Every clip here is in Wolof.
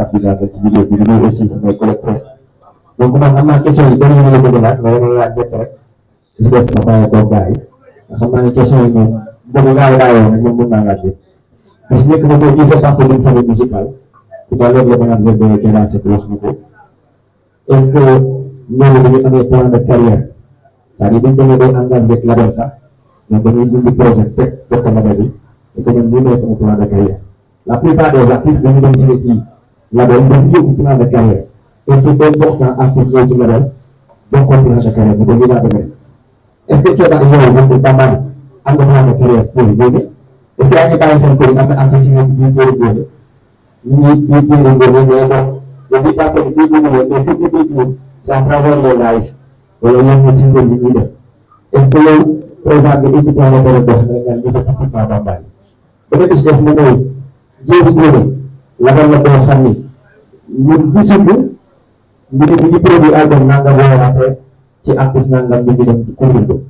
Abdoulaye Ba ci liggéey bi di nuyu aussi sama collègue presse donc man am naa question yu bëri yu ma la bëgg a laaj mais dama laaj ñett rek li des ma bàyyi ko gars yi xam naa ne question yi moom boobu gars yi daayoon rek moom mën naa laaj parce que nekk na ko il fait partie d'une famille musicale tout à l'heure le manager de Kera Seck wax na ko est-ce que ñooñu dañu amee plan de carrière c'est-à-dire buñ demee bay engagé label sax donc dañuy dindi projet teg teg ko label bi et que ñun ñu nekk sama plan de carrière la plupart des artistes dañu dem ci kii label dafa yóbbu plan de carrière et c'est important à continuer ci label boo continuer sa carrière bi dañuy laa demee est-ce que Keba yow moom it Bambali am nga plan de carrière pour léegi est-ce que yaa ngi bàyyi seen kër yi am na artiste yi nekk biir góor góor ñu ngi biir góor góor mais bon le biir partie bi biir góor góor mais wala yéen ñi ci ngeen ñi ñuy def est-ce que yow par exemple nga indi plan de carrière boo xam ne nga a lagal la koo sànni ñun produit album nangam wala presse ci artiste nangam ñu ngi dem kuréel ko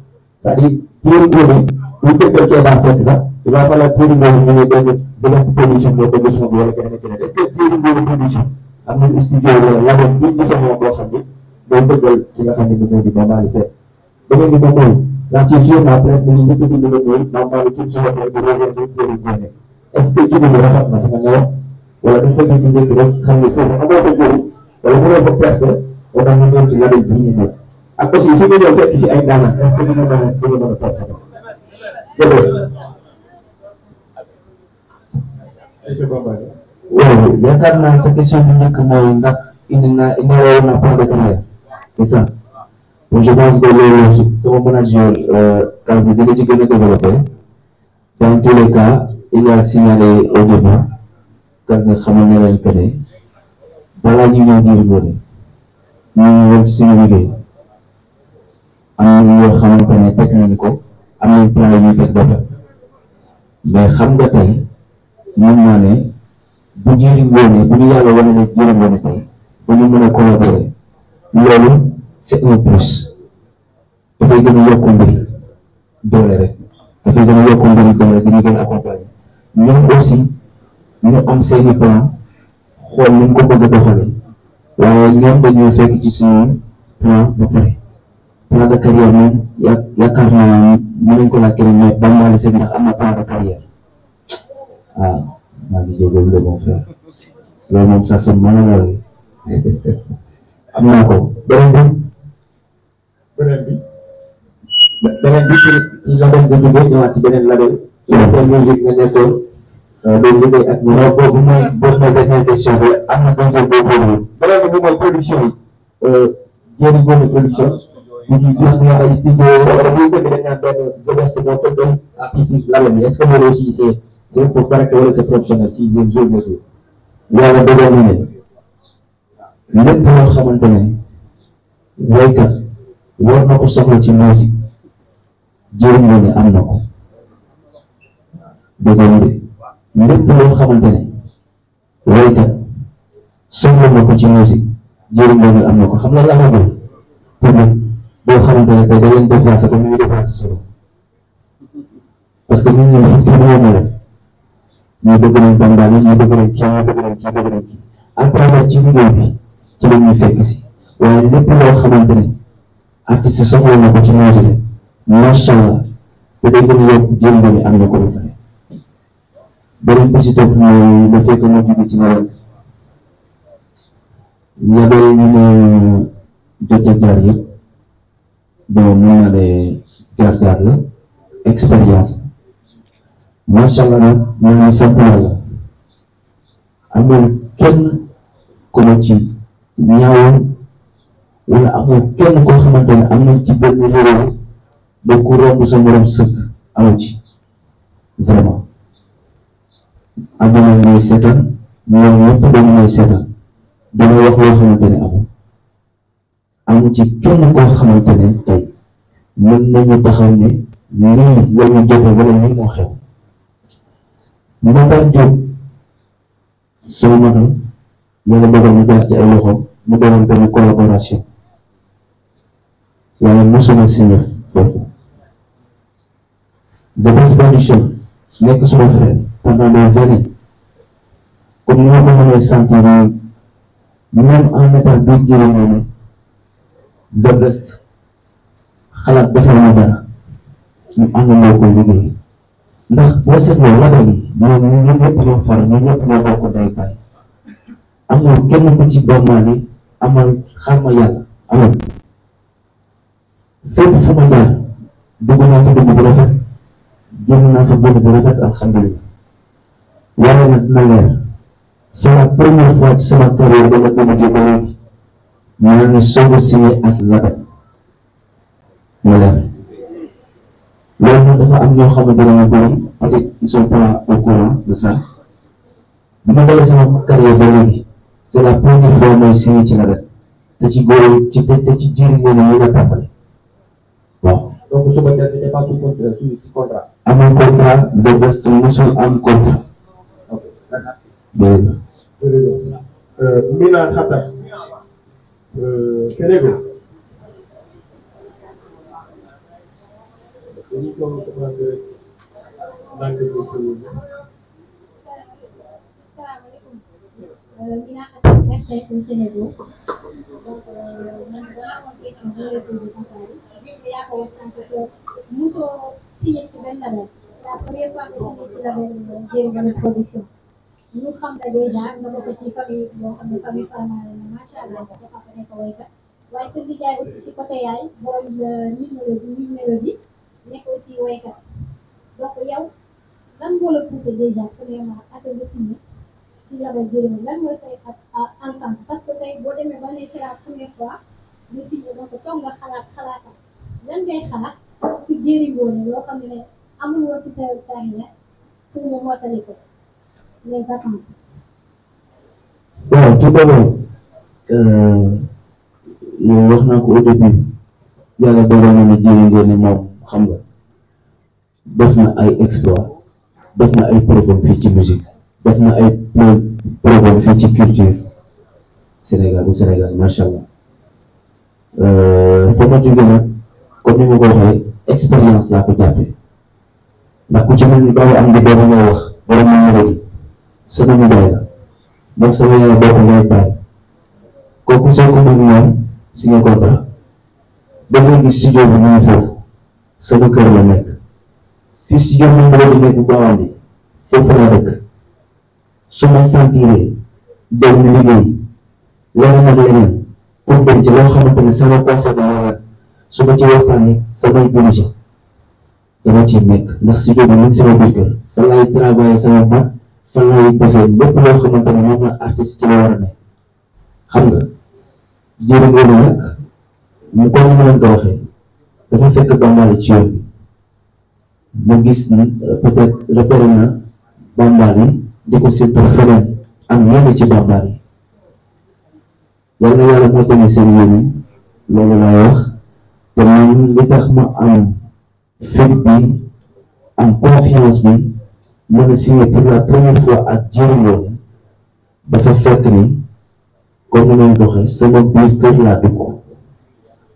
c'est-à-dire téere boobu bu jëkkër cee daa fekk sax studio wala label bu ñu soxla boo xam nga di Mama Ly ci jour la presse bi ñu njëkk a bind ci jour bu rëy a rëy est-ce wala dañ ko jënd njënd ba xam ne foofu amoo ko góob wala mënoo ko percé moo tax ñu ñëw ci nawet bi ñu ñëw ak aussi su ñu ñëw fekk ci ay daanaka est-ce que dina mën a dina mën a percé ko jërëjëf. waaw yaakaar naa sa question bi njëkk mooy ndax indi naa indi woon na point de caméra c'est ça donc je pense que loolu sama manager euh, Kanzi dina ci gën a développé dans tous les cas il a signalé au départ. kan nga xamal ne leen que ne balaa ñu ñëw ngir loolu ñu ngi woon am na yoo xamante ne teg nañ ko mais xam nga tey mën naa ne bu jëriñ woone bu ñu yàlla wane ne jëriñ woone tey ba ñu mën a collaborer loolu c'est un plus dafay gën a yokku mbir doole rek dafay gën a yokku mbir doole dañuy gën a accompagner ñoom aussi ñu am seeni plan xool ni ñu ko bëgg a ñu waaye ñoom dañoo fekk ci suñu plan ba pare plan de carrière moom yaakaar naa mën nañ ko laaj keneen na plan de carrière waaw maa ngi jégalu de mon frère loolu moom sax seen mën a am naa ko beneen bi beneen bi beneen bi ci label nga jógee ñëwaat ci beneen label. day liggéey ak ñoom. waaw boobu mooy boobu question bi am na benn boobu mooy production yi. jëriñ boobu production. ñu ngi gis ñu ay studio wala bu ñu tëgg dañ naan benn semestre moo tëggal artiste yi lan la ñu euh, euh, est ce que ne lépp war na ko soxla ci musique jëriñ la ne am na ko lépp loo xamante ne waykat na ko ci am na ko xam na la amagul public boo xamante ne tey da leen déplacé parce que nit na leen ñu dëgg nañ Bamba ñu dëgg na ko ci beneen bi si topp mooy la fekk ma jóge ci nawet label yi ma jot a jaar yëpp bon mën naa jaar jaar la expérience macha allah nag mën naa sant yàlla amul kenn ku ma ci ñaawoon wala amul kenn koo xamante ne am nañ ci benn numéro ba ku romb sa morom sëkk amu vraiment adduna mooy seetaan ñoom ñëpp dañ mooy seetaan dañu wax loo xamante ne amul am ci kenn koo xamante ne tey mën nañu taxaw ne lii lañu jote wala ni moo xew Matar Diop soo mënoon yàlla dogal mu jaar ci ay loxo mu doon benn collaboration waaye mosuma signé foofu The Best Production nekk suma frère pendant des années comme ma ko mënee sentir même en état bi jëlee noonu Zabest xalaat defar na dara ñu àndandoo ko liggéey ndax boo seetloo label yi ñoom ñun ñëpp ñoo far ñun ñëpp ñoo bokk day baay amul kenn ku ci bambaane amal xaama yàlla amul fépp fu ma jaar dugg naa fa bu rafet génn naa fa bu rafet alhamdulilah yàlla na dina leer c'est la première fois ci sama carrière dama dama jëmale maa ngi soog a signé ak label mu leer loolu nag dafa am ñoo xamante ne bëri parce que c'est la première fois may signé ci label te ci góor te ci jëriñ la la tàmbali waaw. donc su ma dee c'était pas am contrat. Mina Xatam Sénégal dañu ko commencé laaj ko Mina Xatam RTS Sénégal donc man damaa amoon question bi nga posé Fatou Ndiaye yaa ko wax sànq que mosoo signé ci benn label la première fois que signé ci label Jéeri Bana Production ñu xam te dèjà nga bokk ci famille boo xam ne famille farmaare la macha allah sa papa nekk waykat nekk aussi waykat donc yow lan moo la poussé si label Jërëm lan mooy say ak entente parce que tey boo demee ba ne c'est la première nga signé donc toog nga xalaat xalaatam ngay xalaat si Jëri Ngoné xam ne amul woon ci sa carrière pour mu mottali ko. waaw tout d'abord yow wax naa ko au début yàlla dogal na ne jëriñ ngeen ni moom xam nga def na ay exploit def na ay problème fii ci musique def ay problème fii ci culture Sénégal Sénégal macha allah fa ma jógee nag comme ni ma ko expérience laa ko jàppee ndax ci mel ni baax am di doon nga wax borom mën sama nijaay la moom sama yaay bokk ngay bàyyi kooku soo ko bëgg moom signé contrat da ngay gis studio bi ñu foofu sama kër la nekk fii studio bi mu bëgg nekk Bawandi foofu la dëkk su ma sentiree dem na liggéey leneen ak leneen pour denc loo xamante ne sama conséquence su ma ci waxtaanee samay dirigeant dama ci nekk ndax studio bi mu ngi sama biir kër fa laay travailler sama bopp fan laay defee lépp loo xamante moom la artiste ci la war ne xam nga jëriñ nag mu comme ni leen ko waxee dafa ci yoon bi mu gis euh, yàlla moo tamit seen yéen loolu laay wax te man li tax ma am fit bi am confiance bi mu ngi signé pour la première fois ak jëriñoo dafa fekk ni comme ni ñu sama biir kër laa dugg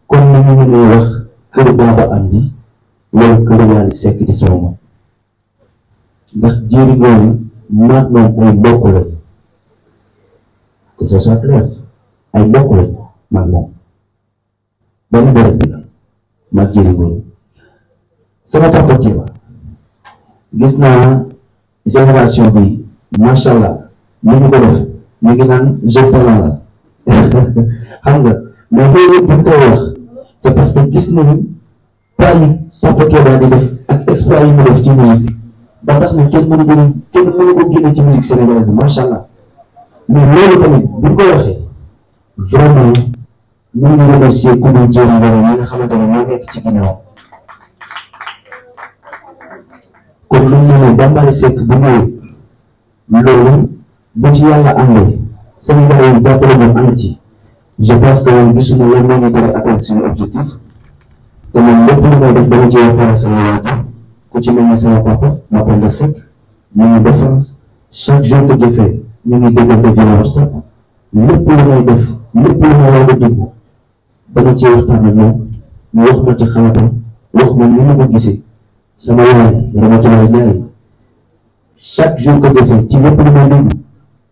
comme ni ñu mënee wax kër baaba am di loolu kër yaa di sekk di sama mag ndax jëriñoo ni moom ay mbokk la que ce soit clair ay mbokk la maag moom benn béréb bi la maag jëriñoo sama papa ci gis naa génération bi macha allah ñu ngi ko def ñu ngi naan je parle xam nga mais loolu bu ñu koy wax c' est parce que gis nañu pas yi Papa Keba di def ak exploit yi mu def ci musique ba tax na kenn mënu ko kenn mënu ko génne ci musique sénégalaise macha allah mais loolu tamit bu ñu ko waxee vraiment ñu ngi remercier ku ñu jéem a nga xamante ne moo nekk ci ginnaaw. kon lu mu ne Bambara Seck bu ñëwee loolu bu ci yàlla amee Sénégal yi jàppale ñu am ci je pense que gisuma lan moo ñu tere atteindre suñu objectif te man lépp lu may def dama ci waxtaan sama waajur ku ci mel ne sama papa Mapenda Seck ñu ngi défense chaque jour que jëfee ñu ngi déggante via WhatsApp lépp lu may def lépp lu may war a dugg dama ci waxtaan ak moom mu wax ma ci xalaatam wax ma ni ma ko gisee. sama yaay Ramatoulaye Ndiaye chaque jour que defee ci lépp lu may dégg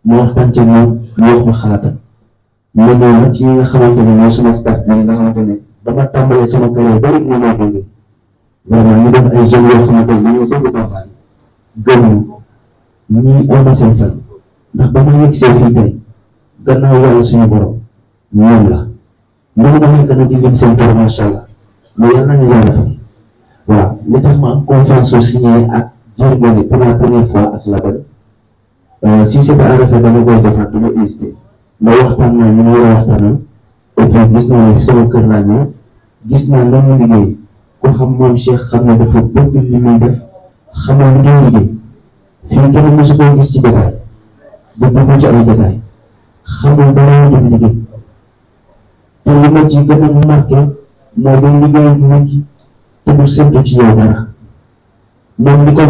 ma waxtaan ci moom mu wax ma xalaatam ma ñëw nag ci ñi nga xamante ba ma tàmbalee sama carrière bari na ma dégg vraiment ñu ba ma yegg see fii tey gannaaw yàlla suñu borom ñoom la ñoom ma nekk na di lim seen tool allah mais yàlla nañu yàlla fay waaw li tax ma am convention signée ak Diourbel pour la première fois ak Label euh, si c'est à dama koy defaat dama hésité ma waxtaan naa ñu ma war a waxtaanal et gis naa sama kër laa ñëw gis naa lan mu liggéey ko xam moom Cheikh xam ne dafa bëgg li muy def xamal li muy liggéey fii kenn mosu koo gis ci détail ba dugg ci ay détail xamul dara liggéey te li ma ci gën a moo doon liggéey nit ki te du séntu ci yow dara moom li ko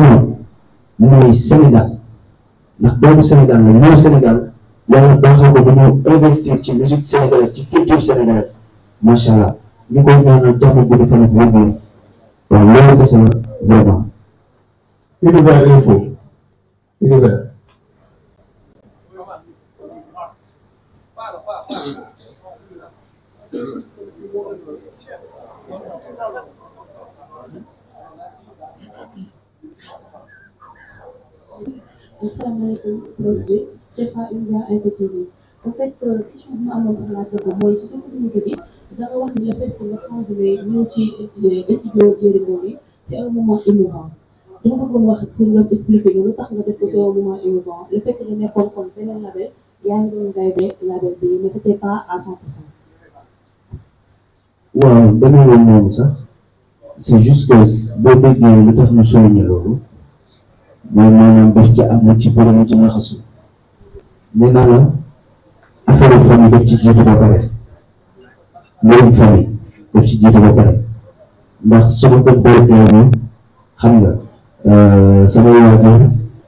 mooy Sénégal ndax doomu Sénégal la ñëw Sénégal yàlla ko ba ñëw investir ci musique sénégalaise ci culture sénégalaise macha allah ñu koy ñaanal jàmm bu defal ak wér-gu-yaram waaw loolu kese la vraiment. asalaamaaleykum boss c'est Fatou Ndiaye IPTV en fait question bi ma amoon pour laajte ko mooy si suñu communiqué wax ni le fait nga transféré ñëw tax nga def ko c'est un moment kon beneen label yaa ngi doon gaydee label bi mais c'était pas à 100 pour cent waaw dama woon moom sax c'est tax ñu souligner loolu mooy maanaam daf ci la famille daf ci jiitu ba pare mbirum famille daf ci jiitu ba pare ndax xam nga euh, sama yaakaar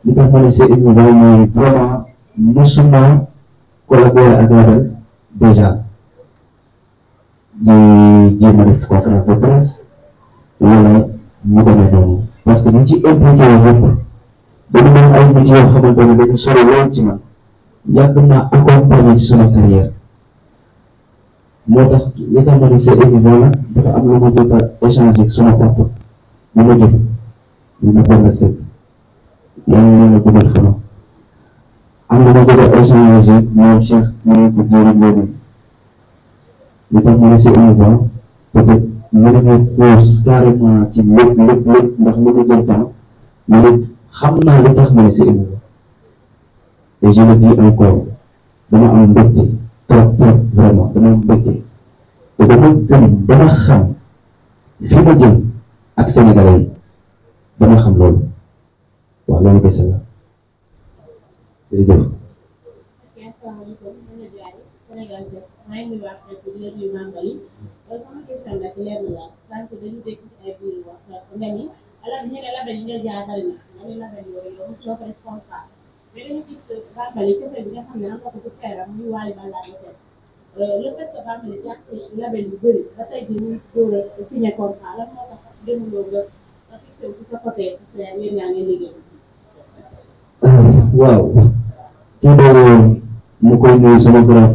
li tax ma ne c'est une nouvelle mooy vraiment musuma collaborer ak déjà di jéem a def conférence de presse wala ñu demee noonu parce que ñu ci impliqué woon yëpp dañu mel ay nit yoo xamante ne dañu sori lool ci man yàgg naa ci sama carrière moo tax li tax ma ne am lu ma jot a échanger ak sama papa ma ma jot ñu ne Balla Seck moom Cheikh ma ne ko jëriñ loolu li tax ma ci lépp lépp lépp ndax mu jël temps mais xam naa li tax mooy Sëriñ et je le encore dama am mbégte trop trop vraiment dama am te dama gëm dama xam fi ma jëm ak Sénégalais dama xam loolu waaw loolu kese la jërëjëf ala na année label yooyu yow mosuloo ko def contrat mais dañu gis Bambali côté bi nga xam ne am na ko ci feeram muy Wally Ballago Seck le fait que Bambali jàpp ci label yu bëri ba tey jii muy door a signé contrat lan moo tax demuloo nga nga fixé wu ci sa côté feer yéen ñaa ngi liggéey. waaw kii boobu mu koy nuyu sama grand